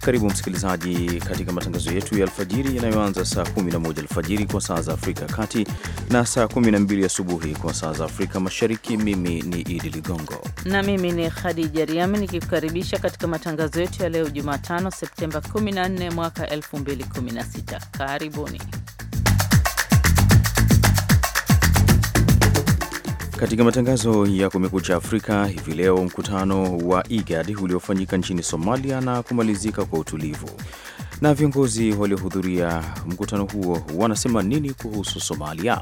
Karibu msikilizaji katika matangazo yetu ya alfajiri yanayoanza saa 11 alfajiri kwa saa za Afrika ya Kati na saa 12 asubuhi kwa saa za Afrika Mashariki. Mimi ni Idi Ligongo na mimi ni Khadija Riami nikikukaribisha katika matangazo yetu ya leo Jumatano, Septemba 14 mwaka 2016. Karibuni. Katika matangazo ya Kumekucha Afrika hivi leo, mkutano wa IGAD uliofanyika nchini Somalia na kumalizika kwa utulivu. Na viongozi waliohudhuria mkutano huo wanasema nini kuhusu Somalia?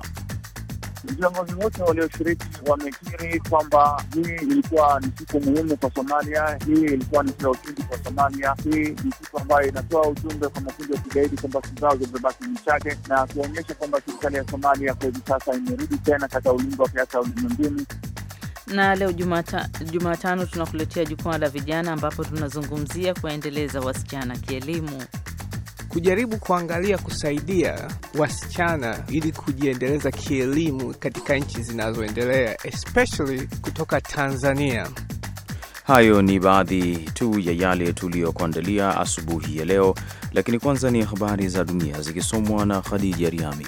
Viongozi wote walioshiriki wamekiri kwamba hii ilikuwa ni siku muhimu kwa Somalia. Hii ilikuwa ni siku ya ushindi kwa Somalia. Hii ni siku ambayo inatoa ujumbe kwa makundi ya kigaidi kwamba siku zao zimebaki michache, na kuonyesha kwamba serikali ya Somalia kwa hivi sasa imerudi tena katika ulingo wa siasa ulimwenguni na leo Jumatano tunakuletea jukwaa la vijana ambapo tunazungumzia kuwaendeleza wasichana kielimu kujaribu kuangalia kusaidia wasichana ili kujiendeleza kielimu katika nchi zinazoendelea especially kutoka Tanzania. Hayo ni baadhi tu ya yale tuliyokuandalia asubuhi ya leo, lakini kwanza ni habari za dunia zikisomwa na Khadija Riami.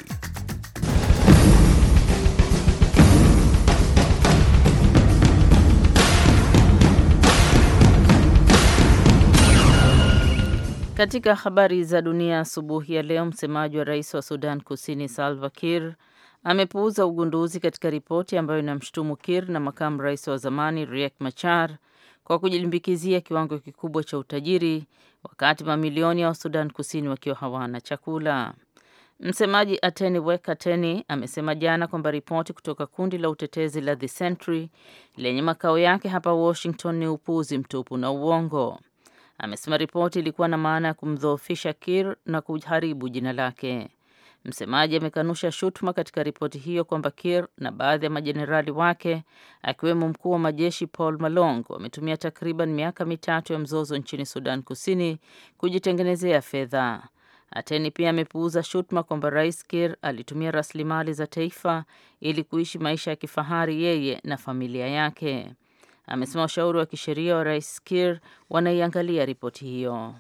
Katika habari za dunia asubuhi ya leo, msemaji wa rais wa Sudan Kusini Salva Kir amepuuza ugunduzi katika ripoti ambayo inamshutumu kir na makamu rais wa zamani Riek Machar kwa kujilimbikizia kiwango kikubwa cha utajiri wakati mamilioni ya wa Sudan Kusini wakiwa hawana chakula. Msemaji Ateni Wek Ateni amesema jana kwamba ripoti kutoka kundi la utetezi la The Sentry lenye makao yake hapa Washington ni upuuzi mtupu na uongo amesema ripoti ilikuwa na maana ya kumdhoofisha Kir na kuharibu jina lake. Msemaji amekanusha shutuma katika ripoti hiyo kwamba Kir na baadhi ya majenerali wake akiwemo mkuu wa majeshi Paul Malong wametumia takriban miaka mitatu ya mzozo nchini Sudan Kusini kujitengenezea fedha. Ateni pia amepuuza shutuma kwamba Rais Kir alitumia rasilimali za taifa ili kuishi maisha ya kifahari yeye na familia yake amesema washauri wa kisheria wa Rais kir wanaiangalia ripoti hiyo.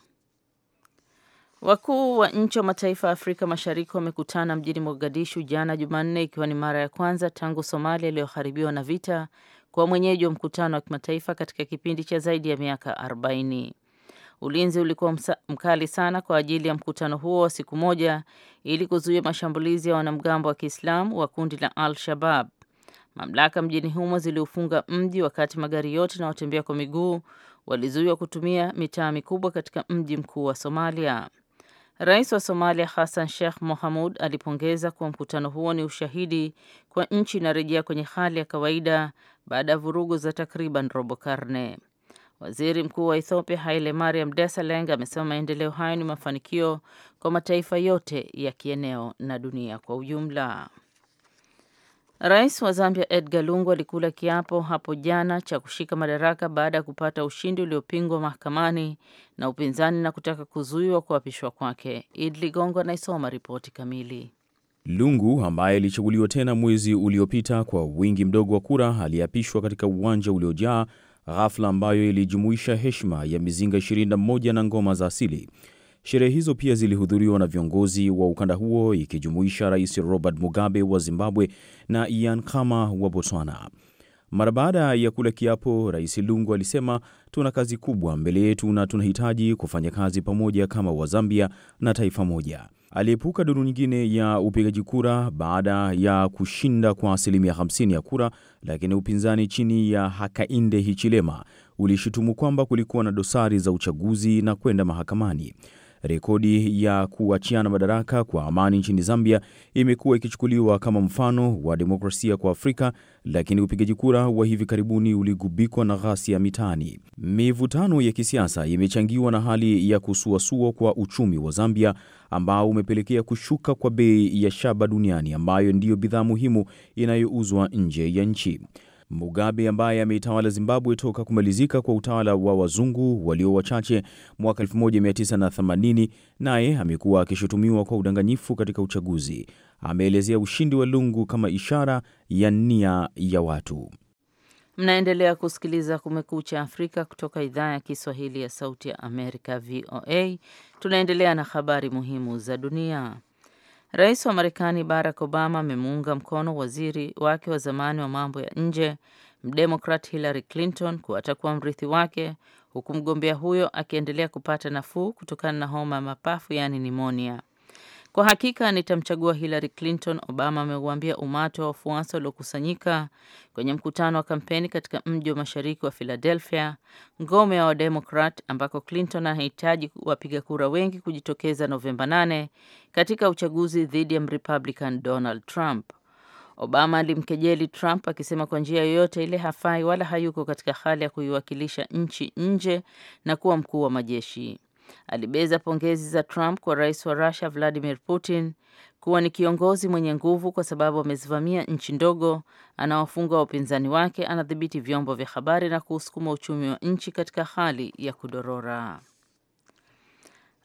Wakuu wa nchi wa mataifa ya Afrika Mashariki wamekutana mjini Mogadishu jana Jumanne, ikiwa ni mara ya kwanza tangu Somalia iliyoharibiwa na vita kuwa mwenyeji wa mkutano wa kimataifa katika kipindi cha zaidi ya miaka 40. Ulinzi ulikuwa mkali sana kwa ajili ya mkutano huo wa siku moja ili kuzuia mashambulizi ya wanamgambo wa Kiislamu wa kundi la Al-Shabab. Mamlaka mjini humo ziliufunga mji wakati magari yote na watembea kwa miguu walizuiwa kutumia mitaa mikubwa katika mji mkuu wa Somalia. Rais wa Somalia Hassan Sheikh Mohamud alipongeza kuwa mkutano huo ni ushahidi kwa nchi inarejea kwenye hali ya kawaida baada ya vurugu za takriban robo karne. Waziri Mkuu wa Ethiopia Haile Mariam Desalegn amesema maendeleo hayo ni mafanikio kwa mataifa yote ya kieneo na dunia kwa ujumla. Rais wa Zambia Edgar Lungu alikula kiapo hapo jana cha kushika madaraka baada ya kupata ushindi uliopingwa mahakamani na upinzani na kutaka kuzuiwa kuapishwa kwake. Id Ligongo anaisoma ripoti kamili. Lungu ambaye alichaguliwa tena mwezi uliopita kwa wingi mdogo wa kura aliapishwa katika uwanja uliojaa ghafla, ambayo ilijumuisha heshima ya mizinga 21 na ngoma za asili. Sherehe hizo pia zilihudhuriwa na viongozi wa ukanda huo ikijumuisha Rais Robert Mugabe wa Zimbabwe na Ian Khama wa Botswana. Mara baada ya kula kiapo, Rais Lungu alisema, tuna kazi kubwa mbele yetu na tunahitaji kufanya kazi pamoja kama Wazambia na taifa moja. Aliepuka duru nyingine ya upigaji kura baada ya kushinda kwa asilimia 50 ya kura, lakini upinzani chini ya Hakainde Hichilema ulishutumu kwamba kulikuwa na dosari za uchaguzi na kwenda mahakamani. Rekodi ya kuachiana madaraka kwa amani nchini Zambia imekuwa ikichukuliwa kama mfano wa demokrasia kwa Afrika, lakini upigaji kura wa hivi karibuni uligubikwa na ghasia mitaani. Mivutano ya kisiasa imechangiwa na hali ya kusuasua kwa uchumi wa Zambia ambao umepelekea kushuka kwa bei ya shaba duniani ambayo ndiyo bidhaa muhimu inayouzwa nje ya nchi. Mugabe ambaye ameitawala Zimbabwe toka kumalizika kwa utawala wa wazungu walio wachache mwaka 1980 naye amekuwa akishutumiwa kwa udanganyifu katika uchaguzi. Ameelezea ushindi wa Lungu kama ishara ya nia ya watu. Mnaendelea kusikiliza Kumekucha Afrika kutoka idhaa ya Kiswahili ya Sauti ya Amerika, VOA. Tunaendelea na habari muhimu za dunia. Rais wa Marekani Barack Obama amemuunga mkono waziri wake wa zamani wa mambo ya nje mdemokrat Hillary Clinton kuwa atakuwa mrithi wake, huku mgombea huyo akiendelea kupata nafuu kutokana na homa ya mapafu yaani nimonia. Kwa hakika nitamchagua Hillary Clinton, Obama ameuambia umati wa wafuasi waliokusanyika kwenye mkutano wa kampeni katika mji wa mashariki wa Philadelphia, ngome ya Wademokrat, ambako Clinton anahitaji wapiga kura wengi kujitokeza Novemba 8 katika uchaguzi dhidi ya Mrepublican Donald Trump. Obama alimkejeli Trump akisema kwa njia yoyote ile hafai wala hayuko katika hali ya kuiwakilisha nchi nje na kuwa mkuu wa majeshi alibeza pongezi za Trump kwa rais wa rusia Vladimir Putin kuwa ni kiongozi mwenye nguvu kwa sababu amezivamia nchi ndogo, anawafunga wapinzani wake, anadhibiti vyombo vya habari na kuusukuma uchumi wa nchi katika hali ya kudorora.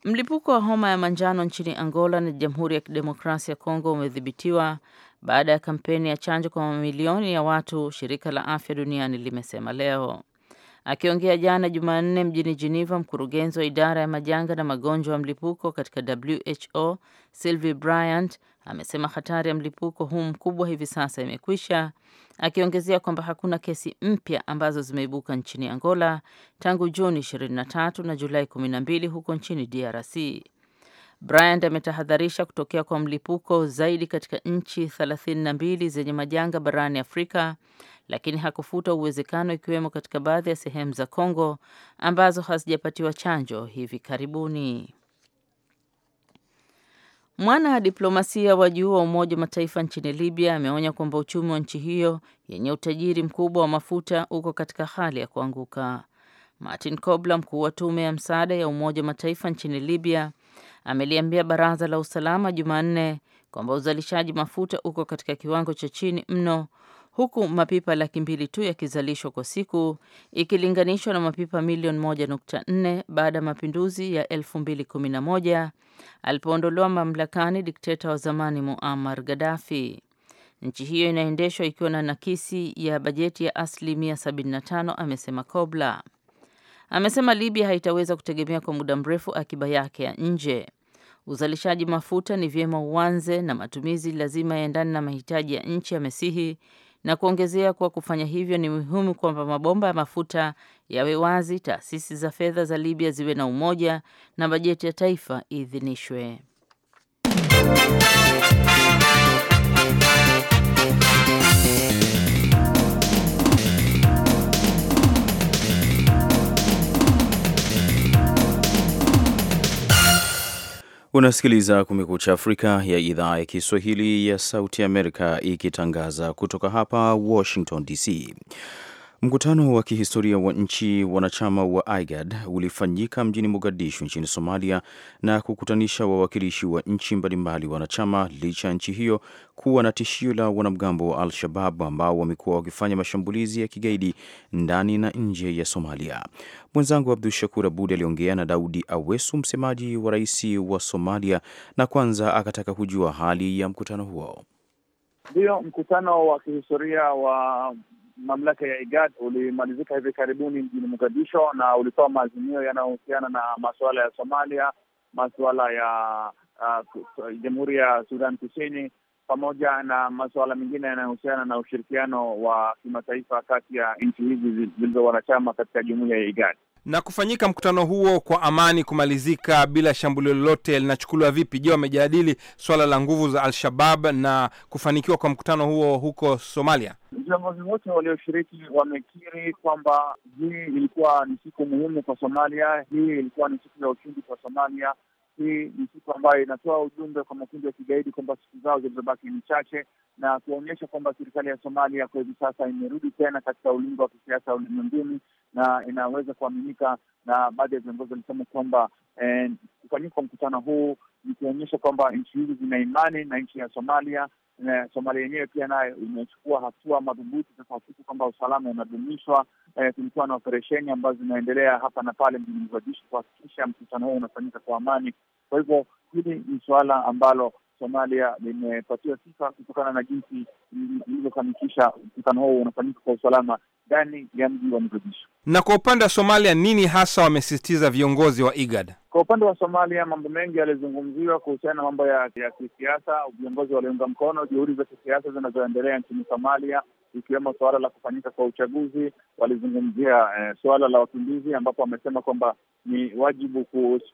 Mlipuko wa homa ya manjano nchini Angola na Jamhuri ya Kidemokrasia ya Kongo umedhibitiwa baada ya kampeni ya chanjo kwa mamilioni ya watu, shirika la afya duniani limesema leo. Akiongea jana Jumanne mjini Geneva, mkurugenzi wa idara ya majanga na magonjwa ya mlipuko katika WHO Sylvie Bryant amesema hatari ya mlipuko huu mkubwa hivi sasa imekwisha, akiongezea kwamba hakuna kesi mpya ambazo zimeibuka nchini Angola tangu Juni 23 na Julai 12 huko nchini DRC. Bryant ametahadharisha kutokea kwa mlipuko zaidi katika nchi 32 zenye majanga barani Afrika, lakini hakufuta uwezekano ikiwemo katika baadhi ya sehemu za Kongo ambazo hazijapatiwa chanjo hivi karibuni. Mwana diplomasia wa juu wa Umoja wa Mataifa nchini Libya ameonya kwamba uchumi wa nchi hiyo yenye utajiri mkubwa wa mafuta uko katika hali ya kuanguka. Martin Kobler, mkuu wa tume ya msaada ya Umoja wa Mataifa nchini Libya, ameliambia baraza la usalama Jumanne kwamba uzalishaji mafuta uko katika kiwango cha chini mno huku mapipa laki mbili tu yakizalishwa kwa siku ikilinganishwa na mapipa milioni moja nukta nne baada ya mapinduzi ya elfu mbili kumi na moja alipoondolewa mamlakani dikteta wa zamani Muammar Gaddafi. Nchi hiyo inaendeshwa ikiwa na nakisi ya bajeti ya asilimia 75, amesema Kobla. Amesema Libya haitaweza kutegemea kwa muda mrefu akiba yake ya nje. Uzalishaji mafuta ni vyema uanze na matumizi lazima yaendane na mahitaji ya nchi, yamesihi na kuongezea kuwa kufanya hivyo ni muhimu kwamba mabomba ya mafuta yawe wazi, taasisi za fedha za Libya ziwe na umoja na bajeti ya taifa iidhinishwe. Unasikiliza Kumekucha Afrika ya idhaa ya Kiswahili ya Sauti Amerika ikitangaza kutoka hapa Washington DC. Mkutano wa kihistoria wa nchi wanachama wa IGAD ulifanyika mjini Mogadishu nchini Somalia na kukutanisha wawakilishi wa nchi mbalimbali wanachama, licha ya nchi hiyo kuwa na tishio la wanamgambo wa Al-Shabab ambao wamekuwa wakifanya mashambulizi ya kigaidi ndani na nje ya Somalia. Mwenzangu Abdu Shakur Abud aliongea na Daudi Awesu, msemaji wa rais wa Somalia, na kwanza akataka kujua hali ya mkutano huo. Ndio mkutano wa kihistoria wa mamlaka ya IGAD ulimalizika hivi karibuni mjini Mogadisho na ulitoa maazimio yanayohusiana na masuala ya Somalia, masuala ya uh, Jamhuri ya Sudan Kusini pamoja na masuala mengine yanayohusiana na ushirikiano wa kimataifa kati ya nchi hizi zilizo wanachama katika jumuiya ya IGAD na kufanyika mkutano huo kwa amani kumalizika bila shambulio lolote linachukuliwa vipi? Je, wamejadili swala la nguvu za Al-Shabab na kufanikiwa kwa mkutano huo huko Somalia? Viongozi wote walioshiriki wamekiri kwamba hii ilikuwa ni siku muhimu kwa Somalia, hii ilikuwa ni siku ya ushindi kwa Somalia, hii ni siku ambayo inatoa ujumbe kwa makundi ya kigaidi kwamba siku zao zilizobaki ni chache na kuonyesha kwamba serikali ya Somalia kwa hivi sasa imerudi tena katika ulingo wa kisiasa ulimwenguni na inaweza kuaminika. Na baadhi ya viongozi walisema kwamba eh, kufanyika kwa mkutano huu ni kuonyesha kwamba nchi hizi zina imani na nchi ya Somalia na Somalia yenyewe pia nayo imechukua hatua madhubuti za kuhakikisha kwamba usalama unadumishwa. Eh, tulikuwa na operesheni ambazo zinaendelea hapa na pale mjini Mogadishu kuhakikisha mkutano huo unafanyika kwa amani. Kwa hivyo hili ni suala ambalo Somalia limepatiwa sifa kutokana na jinsi ilivyofanikisha mkutano huo unafanyika kwa usalama ndani ya mji wa Mogadishu. Na kwa upande wa Somalia, nini hasa wamesisitiza viongozi wa IGAD? Kwa upande wa Somalia, mambo mengi yalizungumziwa kuhusiana na mambo ya ya kisiasa. Viongozi waliunga mkono juhudi za kisiasa zinazoendelea nchini Somalia, ikiwemo suala la kufanyika kwa uchaguzi. Walizungumzia eh, suala la wakimbizi, ambapo wamesema kwamba ni wajibu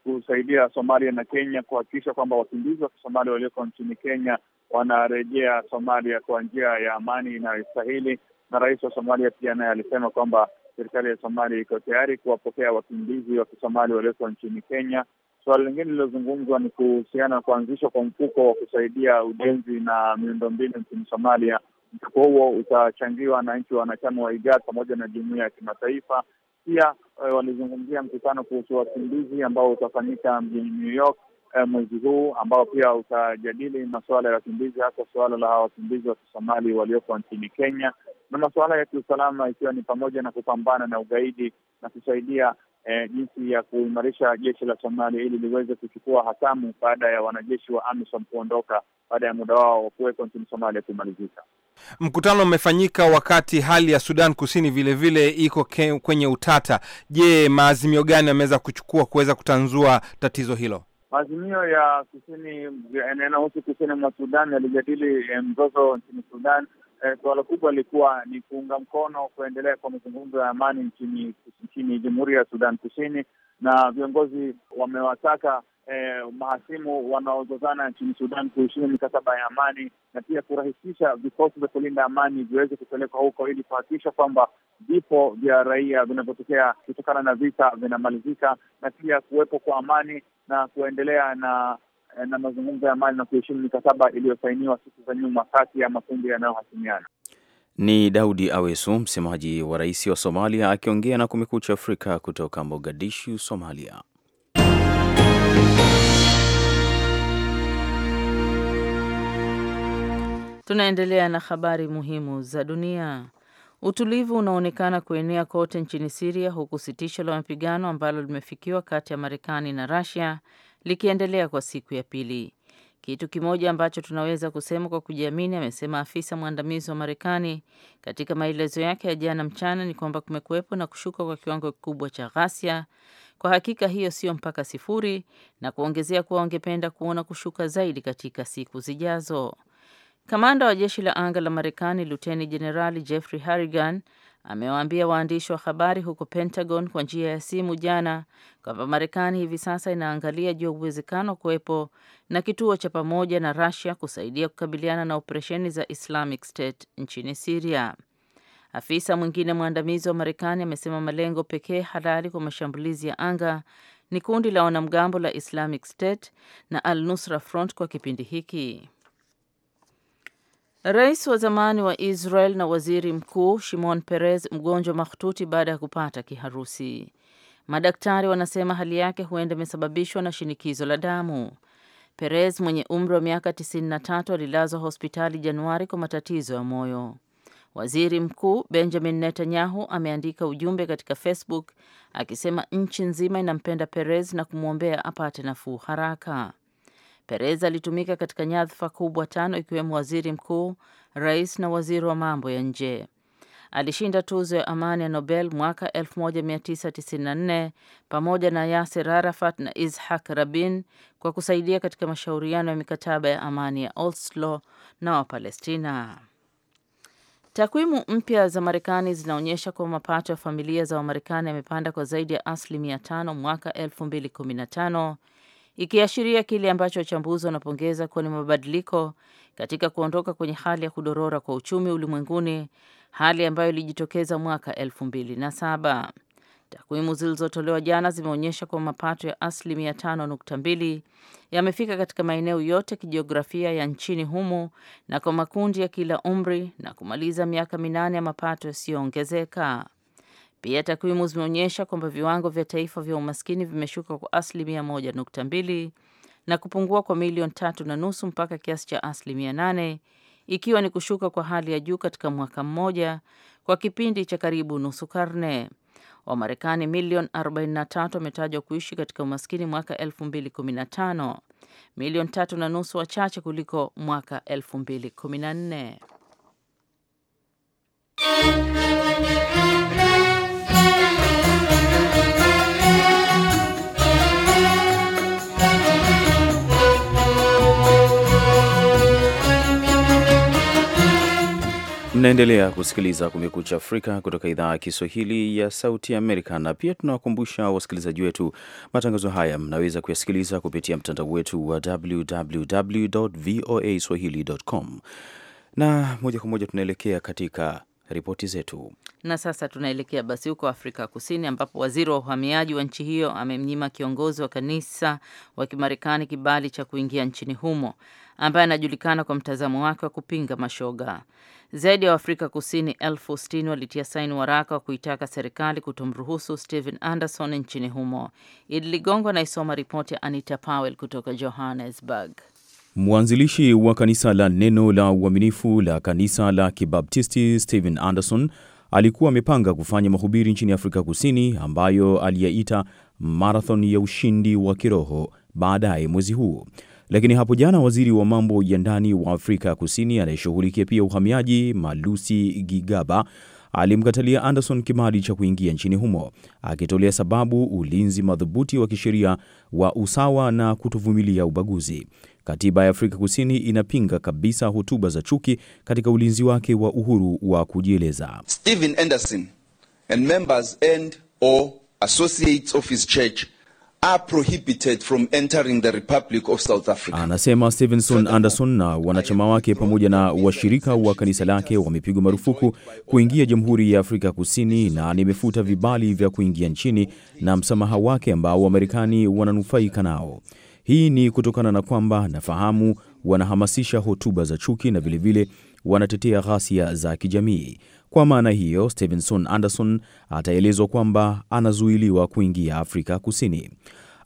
kusaidia Somalia na Kenya kuhakikisha kwamba wakimbizi wa Kisomalia walioko nchini Kenya wanarejea Somalia kwa njia ya amani inayostahili. Na rais wa Somalia pia naye alisema kwamba serikali ya Somalia iko tayari kuwapokea wakimbizi wa Kisomalia walioko nchini Kenya. Suala lingine lilozungumzwa ni kuhusiana na kuanzishwa kwa mfuko wa kusaidia ujenzi na miundombinu nchini Somalia. Mfuko huo utachangiwa na nchi wanachama wa IGAD pamoja na jumuia ya kimataifa. Pia eh, walizungumzia mkutano kuhusu wakimbizi ambao utafanyika mjini New York eh, mwezi huu ambao pia utajadili masuala ya wakimbizi hasa suala la wakimbizi wa Kisomali walioko nchini Kenya na masuala ya kiusalama ikiwa ni pamoja na kupambana na ugaidi na kusaidia e, jinsi ya kuimarisha jeshi la Somali ili liweze kuchukua hatamu baada ya wanajeshi wa AMISOM kuondoka baada ya muda wao wa kuwekwa nchini Somalia kumalizika. Mkutano umefanyika wakati hali ya Sudan Kusini vilevile vile iko kwenye utata. Je, maazimio gani yameweza kuchukua kuweza kutanzua tatizo hilo? Maazimio ya kusini yanayohusu kusini mwa Sudan yalijadili eh, mzozo nchini Sudan. Eh, suala kubwa ilikuwa ni kuunga mkono kuendelea kwa mazungumzo ya amani nchini nchini Jamhuri ya Sudan Kusini, na viongozi wamewataka eh, mahasimu wanaozozana nchini Sudan kuheshimu mikataba ya amani na pia kurahisisha vikosi vya kulinda amani viweze kupelekwa huko ili kuhakikisha kwamba vifo vya raia vinavyotokea kutokana na vita vinamalizika na pia kuwepo kwa amani na kuendelea na eh, na mazungumzo ya amani na kuheshimu mikataba iliyosainiwa siku za nyuma kati ya makundi yanayohasimiana. Ni Daudi Awesu, msemaji wa rais wa Somalia, akiongea na Kumekucha Afrika kutoka Mogadishu, Somalia. Tunaendelea na habari muhimu za dunia. Utulivu unaonekana kuenea kote nchini Siria huku sitisho la mapigano ambalo limefikiwa kati ya Marekani na Russia likiendelea kwa siku ya pili. Kitu kimoja ambacho tunaweza kusema kwa kujiamini, amesema afisa mwandamizi wa Marekani katika maelezo yake ya jana mchana, ni kwamba kumekuwepo na kushuka kwa kiwango kikubwa cha ghasia. Kwa hakika hiyo sio mpaka sifuri, na kuongezea kuwa wangependa kuona kushuka zaidi katika siku zijazo. Kamanda wa jeshi la anga la Marekani Luteni Jenerali Jeffrey Harrigan amewaambia waandishi wa habari huko Pentagon kwa njia ya simu jana kwamba Marekani hivi sasa inaangalia juu ya uwezekano wa kuwepo na kituo cha pamoja na Russia kusaidia kukabiliana na operesheni za Islamic State nchini siria Afisa mwingine mwandamizi wa Marekani amesema malengo pekee halali kwa mashambulizi ya anga ni kundi la wanamgambo la Islamic State na Al-Nusra Front kwa kipindi hiki. Rais wa zamani wa Israel na waziri mkuu Shimon Peres mgonjwa mahututi baada ya kupata kiharusi. Madaktari wanasema hali yake huenda imesababishwa na shinikizo la damu. Peres mwenye umri wa miaka 93 alilazwa hospitali Januari kwa matatizo ya moyo. Waziri Mkuu Benjamin Netanyahu ameandika ujumbe katika Facebook akisema nchi nzima inampenda Peres na kumwombea apate nafuu haraka. Perez alitumika katika nyadhifa kubwa tano ikiwemo waziri mkuu, rais na waziri wa mambo ya nje. Alishinda tuzo ya amani ya Nobel mwaka 1994 pamoja na Yasser Arafat na Ishak Rabin kwa kusaidia katika mashauriano ya mikataba ya amani ya Oslo na Wapalestina. Takwimu mpya za Marekani zinaonyesha kuwa mapato ya familia za Wamarekani yamepanda kwa zaidi ya asilimia tano mwaka ikiashiria kile ambacho wachambuzi wanapongeza kuwa ni mabadiliko katika kuondoka kwenye hali ya kudorora kwa uchumi ulimwenguni, hali ambayo ilijitokeza mwaka elfu mbili na saba. Takwimu zilizotolewa jana zimeonyesha kwa mapato ya asilimia tano nukta mbili yamefika katika maeneo yote kijiografia ya nchini humo na kwa makundi ya kila umri na kumaliza miaka minane ya mapato yasiyoongezeka. Pia takwimu zimeonyesha kwamba viwango vya taifa vya umaskini vimeshuka kwa asilimia 1.2 na kupungua kwa milioni tatu na nusu mpaka kiasi cha asilimia 8, ikiwa ni kushuka kwa hali ya juu katika mwaka mmoja kwa kipindi cha karibu nusu karne. Wamarekani milioni 43 wametajwa kuishi katika umaskini mwaka 2015, milioni tatu na nusu wachache kuliko mwaka 2014. Mnaendelea kusikiliza Kumekucha Afrika kutoka idhaa ya Kiswahili ya Sauti Amerika, na pia tunawakumbusha wasikilizaji wetu matangazo haya mnaweza kuyasikiliza kupitia mtandao wetu wa www voa swahili com, na moja kwa moja tunaelekea katika ripoti zetu. Na sasa tunaelekea basi huko Afrika Kusini, ambapo waziri wa uhamiaji wa nchi hiyo amemnyima kiongozi wa kanisa wa Kimarekani kibali cha kuingia nchini humo, ambaye anajulikana kwa mtazamo wake wa kupinga mashoga. Zaidi ya Waafrika Kusini elfu sitini walitia saini waraka wa kuitaka serikali kutomruhusu Stephen Anderson nchini humo. Idi Ligongo anaisoma ripoti ya Anita Powell kutoka Johannesburg. Mwanzilishi wa kanisa la Neno la Uaminifu la kanisa la Kibaptisti Stephen Anderson alikuwa amepanga kufanya mahubiri nchini Afrika Kusini ambayo aliyaita marathon ya ushindi wa kiroho baadaye mwezi huu. Lakini hapo jana waziri wa mambo ya ndani wa Afrika Kusini anayeshughulikia pia uhamiaji, Malusi Gigaba, alimkatalia Anderson kibali cha kuingia nchini humo akitolea sababu ulinzi madhubuti wa kisheria wa usawa na kutovumilia ubaguzi. Katiba ya Afrika Kusini inapinga kabisa hotuba za chuki katika ulinzi wake wa uhuru wa kujieleza. Steven Anderson and members and or associates of his church Are prohibited from entering the Republic of South Africa. Anasema Stevenson Anderson na wanachama wake pamoja na washirika wa kanisa lake wamepigwa marufuku kuingia Jamhuri ya Afrika Kusini na nimefuta vibali vya kuingia nchini na msamaha wake ambao Wamarekani wananufaika nao. Hii ni kutokana na kwamba nafahamu wanahamasisha hotuba za chuki na vilevile wanatetea ghasia za kijamii. Kwa maana hiyo, Stevenson Anderson ataelezwa kwamba anazuiliwa kuingia Afrika Kusini.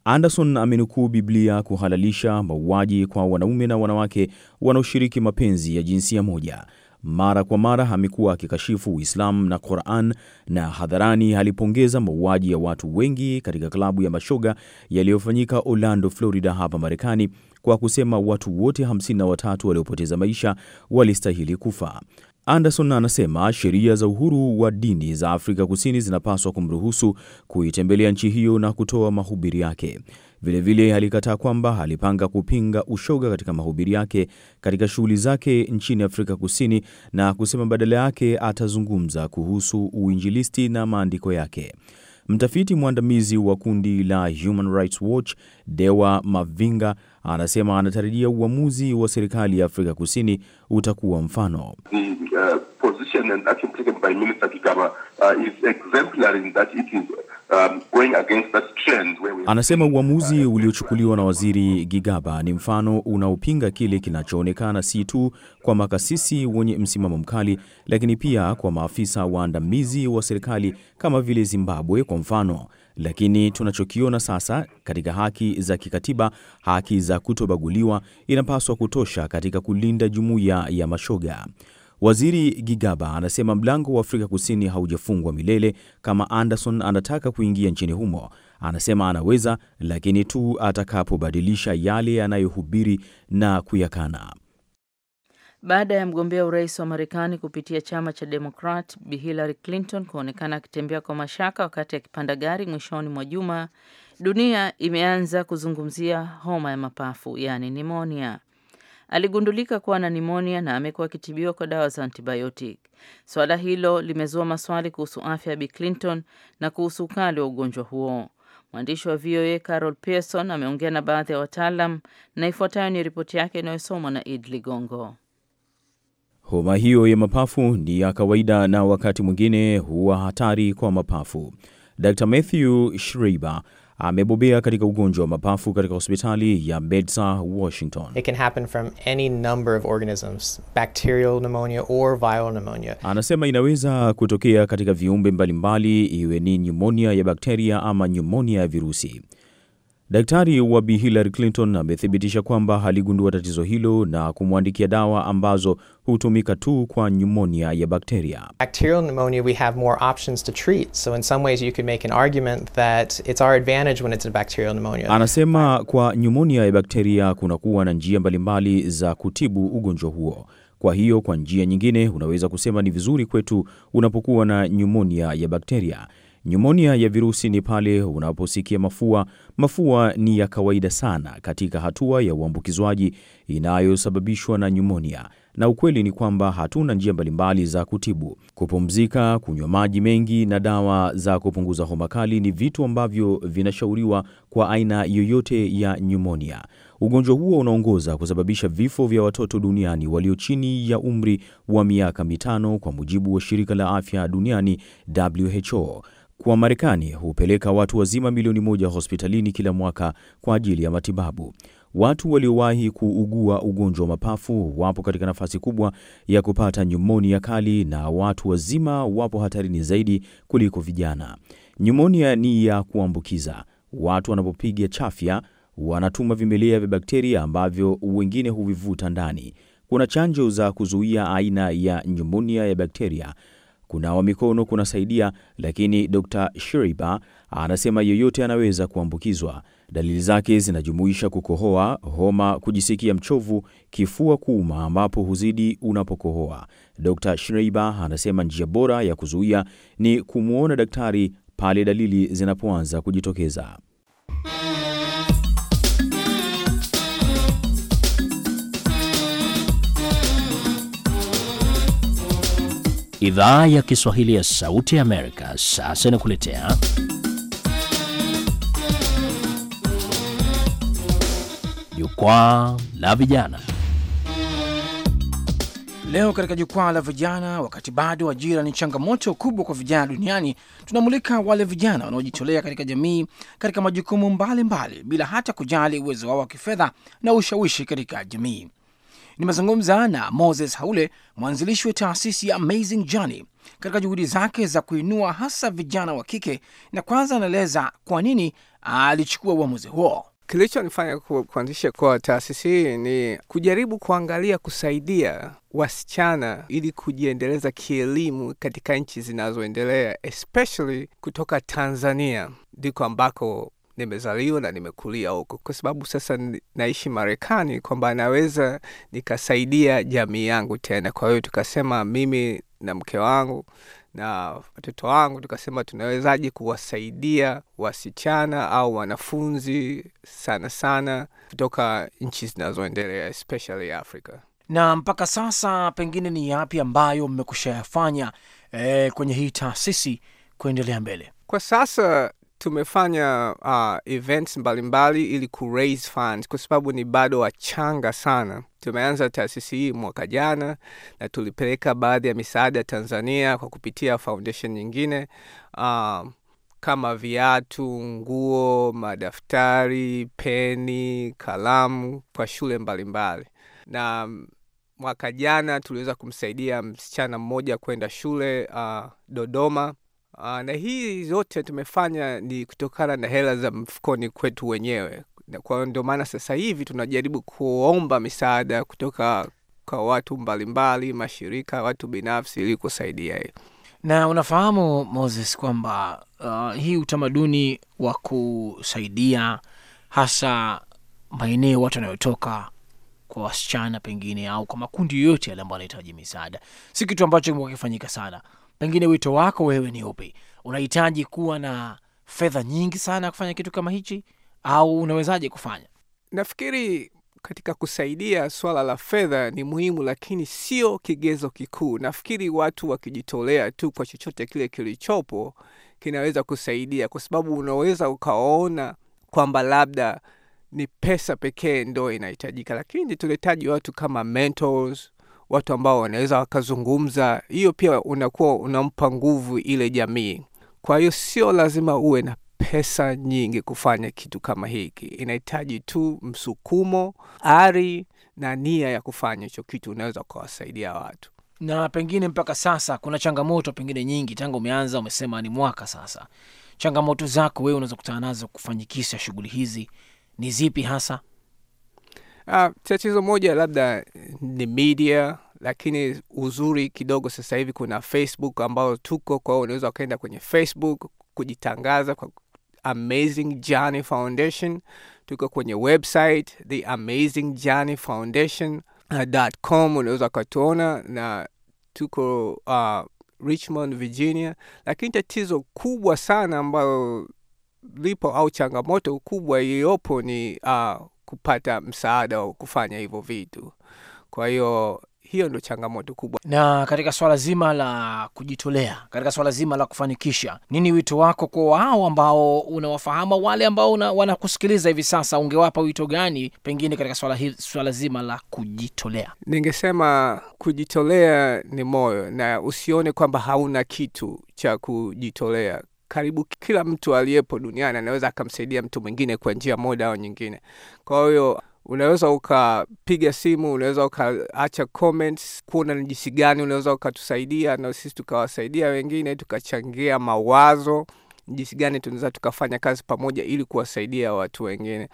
Anderson amenukuu Biblia kuhalalisha mauaji kwa wanaume na wanawake wanaoshiriki mapenzi ya jinsia moja mara kwa mara amekuwa akikashifu Uislamu na Quran na hadharani alipongeza mauaji ya watu wengi katika klabu ya mashoga yaliyofanyika Orlando, Florida hapa Marekani kwa kusema watu wote 53 waliopoteza maisha walistahili kufa. Anderson anasema sheria za uhuru wa dini za Afrika Kusini zinapaswa kumruhusu kuitembelea nchi hiyo na kutoa mahubiri yake. Vilevile alikataa kwamba alipanga kupinga ushoga katika mahubiri yake katika shughuli zake nchini Afrika Kusini na kusema badala yake atazungumza kuhusu uinjilisti na maandiko yake. Mtafiti mwandamizi wa kundi la Human Rights Watch Dewa Mavinga anasema anatarajia uamuzi wa serikali ya Afrika Kusini utakuwa mfano. The, uh, Um, Anasema uamuzi uh, uliochukuliwa na Waziri Gigaba ni mfano unaopinga kile kinachoonekana si tu kwa makasisi wenye msimamo mkali, lakini pia kwa maafisa waandamizi wa serikali kama vile Zimbabwe kwa mfano. Lakini tunachokiona sasa katika haki za kikatiba, haki za kutobaguliwa, inapaswa kutosha katika kulinda jumuiya ya mashoga. Waziri Gigaba anasema mlango wa Afrika Kusini haujafungwa milele. Kama Anderson anataka kuingia nchini humo, anasema anaweza, lakini tu atakapobadilisha yale anayohubiri na kuyakana. Baada ya mgombea urais wa Marekani kupitia chama cha Demokrat Bi Hillary Clinton kuonekana akitembea kwa mashaka wakati akipanda gari mwishoni mwa juma, dunia imeanza kuzungumzia homa ya mapafu, yaani nimonia. Aligundulika kuwa na nimonia na amekuwa akitibiwa kwa dawa za antibiotic. Swala hilo limezua maswali kuhusu afya ya Bi Clinton na kuhusu ukali wa ugonjwa huo. Mwandishi wa VOA Carol Pearson ameongea na baadhi ya wataalam na ifuatayo ni ripoti yake inayosomwa na Id Ligongo. Homa hiyo ya mapafu ni ya kawaida na wakati mwingine huwa hatari kwa mapafu. Dr. Matthew Schreiber amebobea katika ugonjwa wa mapafu katika hospitali ya Bedsa, Washington. It can happen from any number of organisms, bacterial pneumonia or viral pneumonia. Anasema inaweza kutokea katika viumbe mbalimbali, iwe ni nyumonia ya bakteria ama nyumonia ya virusi. Daktari wa Bi Hillary Clinton amethibitisha kwamba aligundua tatizo hilo na kumwandikia dawa ambazo hutumika tu kwa nyumonia ya bakteria. Bacterial pneumonia we have more options to treat. So in some ways you could make an argument that it's our advantage when it's a bacterial pneumonia. Anasema kwa nyumonia ya bakteria kunakuwa na njia mbalimbali za kutibu ugonjwa huo. Kwa hiyo kwa njia nyingine unaweza kusema ni vizuri kwetu unapokuwa na nyumonia ya bakteria. Nyumonia ya virusi ni pale unaposikia mafua, Mafua ni ya kawaida sana katika hatua ya uambukizwaji inayosababishwa na nyumonia, na ukweli ni kwamba hatuna njia mbalimbali za kutibu. Kupumzika, kunywa maji mengi na dawa za kupunguza homa kali ni vitu ambavyo vinashauriwa kwa aina yoyote ya nyumonia. Ugonjwa huo unaongoza kusababisha vifo vya watoto duniani walio chini ya umri wa miaka mitano, kwa mujibu wa shirika la afya duniani WHO kuwa Marekani hupeleka watu wazima milioni moja hospitalini kila mwaka kwa ajili ya matibabu. Watu waliowahi kuugua ugonjwa wa mapafu wapo katika nafasi kubwa ya kupata nyumonia kali, na watu wazima wapo hatarini zaidi kuliko vijana. Nyumonia ni ya kuambukiza. Watu wanapopiga chafya wanatuma vimelea vya bakteria ambavyo wengine huvivuta ndani. Kuna chanjo za kuzuia aina ya nyumonia ya bakteria Kunawa mikono kunasaidia, lakini Dr Shiriba anasema yeyote anaweza kuambukizwa. Dalili zake zinajumuisha kukohoa, homa, kujisikia mchovu, kifua kuuma ambapo huzidi unapokohoa. Dr Shiriba anasema njia bora ya kuzuia ni kumwona daktari pale dalili zinapoanza kujitokeza. Idhaa ya Kiswahili ya Sauti ya Amerika sasa inakuletea Jukwaa la Vijana. Leo katika Jukwaa la Vijana, wakati bado ajira ni changamoto kubwa kwa vijana duniani, tunamulika wale vijana wanaojitolea katika jamii katika majukumu mbalimbali mbali, bila hata kujali uwezo wao wa kifedha na ushawishi katika jamii. Nimezungumza na Moses Haule, mwanzilishi wa taasisi ya Amazing Journey katika juhudi zake za kuinua hasa vijana wa kike, na kwanza anaeleza kwa nini alichukua uamuzi huo. Kilichonifanya kuanzisha kwa taasisi hii ni kujaribu kuangalia kusaidia wasichana ili kujiendeleza kielimu katika nchi zinazoendelea especially kutoka Tanzania ndiko ambako nimezaliwa na nimekulia huko, kwa sababu sasa naishi Marekani, kwamba naweza nikasaidia jamii yangu tena. Kwa hiyo tukasema mimi na mke wangu na watoto wangu tukasema tunawezaji kuwasaidia wasichana au wanafunzi sana sana kutoka nchi zinazoendelea especially Africa. Na mpaka sasa pengine ni yapi ambayo yafanya eh, kwenye hii taasisi kuendelea mbele? Kwa sasa tumefanya uh, events mbalimbali mbali, ili ku funds kwa sababu ni bado wachanga sana. Tumeanza taasisi hii mwaka jana na tulipeleka baadhi ya misaada Tanzania kwa kupitia foundation nyingine uh, kama viatu, nguo, madaftari, peni, kalamu kwa shule mbalimbali mbali. Na mwaka jana tuliweza kumsaidia msichana mmoja kwenda shule uh, Dodoma Aa, ah, na hii zote tumefanya ni kutokana na hela za mfukoni kwetu wenyewe. Kwa hiyo ndio maana sasa hivi tunajaribu kuomba misaada kutoka kwa watu mbalimbali, mashirika, watu binafsi ili kusaidia hii Na unafahamu Moses kwamba uh, hii utamaduni wa kusaidia hasa maeneo watu wanayotoka kwa wasichana pengine au kwa makundi yoyote yale ambayo anahitaji misaada si kitu ambacho kimekuwa kifanyika sana pengine wito wako wewe ni upi? Unahitaji kuwa na fedha nyingi sana kufanya kitu kama hichi, au unawezaje kufanya? Nafikiri katika kusaidia swala la fedha ni muhimu, lakini sio kigezo kikuu. Nafikiri watu wakijitolea tu kwa chochote kile kilichopo kinaweza kusaidia, kwa sababu unaweza ukaona kwamba labda ni pesa pekee ndo inahitajika, lakini tunahitaji watu kama mentors, watu ambao wanaweza wakazungumza. Hiyo pia unakuwa unampa nguvu ile jamii. Kwa hiyo sio lazima uwe na pesa nyingi kufanya kitu kama hiki, inahitaji tu msukumo, ari na nia ya kufanya hicho kitu, unaweza ukawasaidia watu. Na pengine mpaka sasa kuna changamoto pengine nyingi tangu umeanza, umesema ni mwaka sasa, changamoto zako wewe unaweza kutana nazo kufanyikisha shughuli hizi ni zipi hasa? Ah, tatizo moja labda ni media, lakini uzuri kidogo sasa hivi kuna Facebook ambao tuko kwao, unaweza ukaenda kwenye Facebook kujitangaza kwa Amazing Journey Foundation. Tuko kwenye website the Amazing Journey Foundation com, unaweza ukatuona na tuko uh, Richmond, Virginia, lakini tatizo kubwa sana ambayo lipo au changamoto kubwa iliyopo ni uh, kupata msaada wa kufanya hivyo vitu. Kwa hiyo hiyo ndio changamoto kubwa. Na katika swala zima la kujitolea, katika swala zima la kufanikisha, nini wito wako kwa wao ambao unawafahamu wale ambao wanakusikiliza hivi sasa, ungewapa wito gani pengine katika swala, hi, swala zima la kujitolea? Ningesema kujitolea ni moyo, na usione kwamba hauna kitu cha kujitolea karibu kila mtu aliyepo duniani anaweza akamsaidia mtu mwingine kwa njia moja au nyingine. Kwa hiyo unaweza ukapiga simu, unaweza ukaacha comments, kuona ni jinsi gani unaweza ukatusaidia, na sisi tukawasaidia wengine, tukachangia mawazo jinsi gani tunaweza tukafanya kazi pamoja ili kuwasaidia watu wengine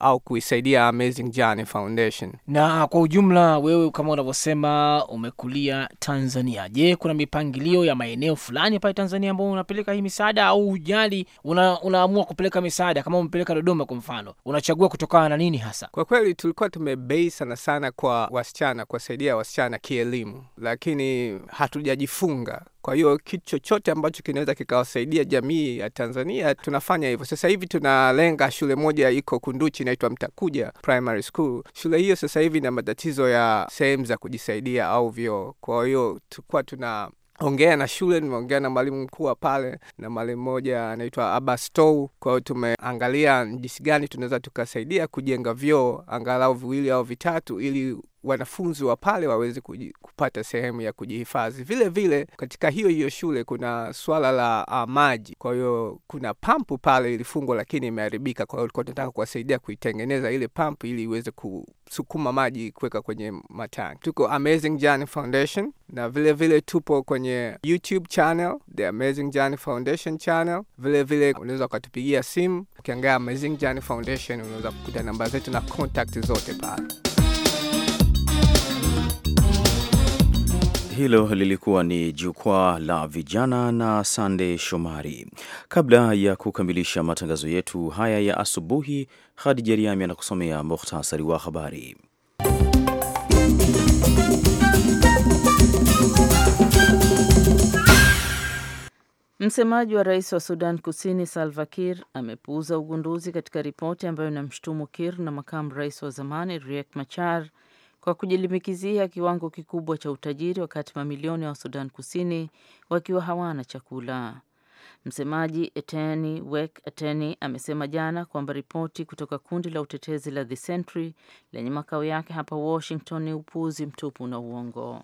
au kuisaidia Amazing Journey Foundation. Na kwa ujumla, wewe kama unavyosema umekulia Tanzania, je, kuna mipangilio ya maeneo fulani pale Tanzania ambao unapeleka hii misaada au ujali una, unaamua kupeleka misaada? Kama umepeleka Dodoma kwa mfano, unachagua kutokana na nini hasa? Kwa kweli tulikuwa tumebei sana sana kwa wasichana, kuwasaidia wasichana kielimu, lakini hatujajifunga kwa hiyo kitu chochote ambacho kinaweza kikawasaidia jamii ya Tanzania tunafanya hivyo. Sasa hivi tunalenga shule moja iko Kunduchi inaitwa Mtakuja Primary School. Shule hiyo sasa hivi ina matatizo ya sehemu za kujisaidia au vyoo, kwa hiyo tulikuwa tuna ongea na shule, nimeongea na mwalimu mkuu wa pale na mwalimu mmoja anaitwa Abastow. Kwa hiyo tumeangalia jinsi gani tunaweza tukasaidia kujenga vyoo angalau viwili au vitatu, ili wanafunzi wa pale waweze kupata sehemu ya kujihifadhi. Vile vile katika hiyo hiyo shule kuna swala la uh, maji. Kwa hiyo kuna pampu pale ilifungwa, lakini imeharibika. Kwa hiyo tulikuwa tunataka kuwasaidia kuitengeneza ile pampu ili iweze kusukuma maji kuweka kwenye matanki. Tuko Amazing Jan Foundation na vile vile tupo kwenye YouTube channel The Amazing Jan Foundation channel. Vile vile unaweza ukatupigia simu, ukiangalia Amazing Jan Foundation unaweza kukuta namba zetu na contact zote pale. hilo lilikuwa ni jukwaa la vijana na Sande Shomari. Kabla ya kukamilisha matangazo yetu haya ya asubuhi, Hadija Riami anakusomea muhtasari wa habari. Msemaji wa rais wa Sudan Kusini Salva Kir amepuuza ugunduzi katika ripoti ambayo inamshutumu kir na makamu rais wa zamani Riek Machar kwa kujilimbikizia kiwango kikubwa cha utajiri, wakati mamilioni ya wa Sudan Kusini wakiwa hawana chakula. Msemaji Eteni Wek Eteni amesema jana kwamba ripoti kutoka kundi la utetezi la The Sentry lenye makao yake hapa Washington ni upuzi mtupu na uongo.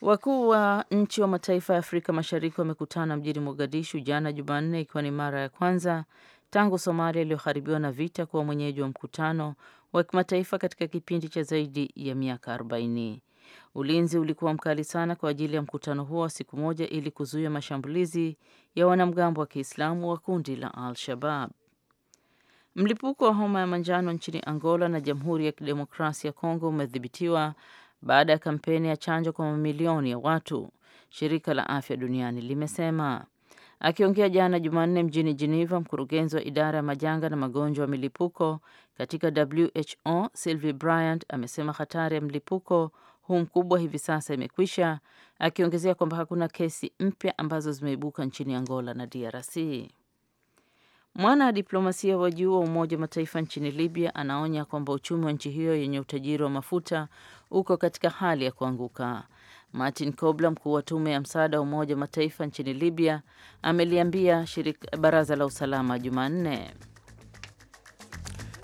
Wakuu wa nchi wa mataifa ya Afrika Mashariki wamekutana mjini Mogadishu jana Jumanne, ikiwa ni mara ya kwanza tangu Somalia iliyoharibiwa na vita kuwa mwenyeji wa mkutano wa kimataifa katika kipindi cha zaidi ya miaka 40. Ulinzi ulikuwa mkali sana kwa ajili ya mkutano huo wa siku moja ili kuzuia mashambulizi ya wanamgambo wa Kiislamu wa kundi la al shabab Mlipuko wa homa ya manjano nchini Angola na Jamhuri ya Kidemokrasia ya Kongo umedhibitiwa baada ya kampeni ya chanjo kwa mamilioni ya watu, shirika la afya duniani limesema. Akiongea jana Jumanne mjini Geneva, mkurugenzi wa idara ya majanga na magonjwa ya milipuko katika WHO, Sylvie Bryant amesema hatari ya mlipuko huu mkubwa hivi sasa imekwisha, akiongezea kwamba hakuna kesi mpya ambazo zimeibuka nchini Angola na DRC. Mwana diplomasia wa juu wa Umoja wa Mataifa nchini Libya anaonya kwamba uchumi wa nchi hiyo yenye utajiri wa mafuta uko katika hali ya kuanguka. Martin Kobler, mkuu wa tume ya msaada wa Umoja wa Mataifa nchini Libya, ameliambia shirika Baraza la Usalama Jumanne.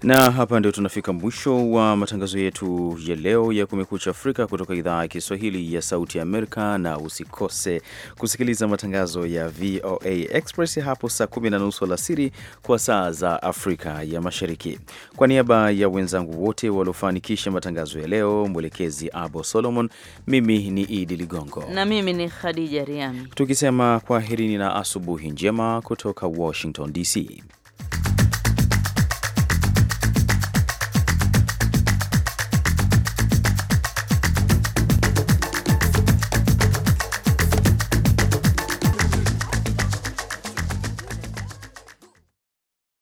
Na hapa ndio tunafika mwisho wa matangazo yetu ya leo ya Kumekucha Afrika kutoka idhaa ya Kiswahili ya Sauti ya Amerika, na usikose kusikiliza matangazo ya VOA Express hapo saa kumi na nusu alasiri kwa saa za Afrika ya Mashariki. Kwa niaba ya wenzangu wote waliofanikisha matangazo ya leo, mwelekezi Abo Solomon, mimi ni Idi Ligongo na mimi ni Khadija Riami, tukisema kwaherini na asubuhi njema kutoka Washington DC.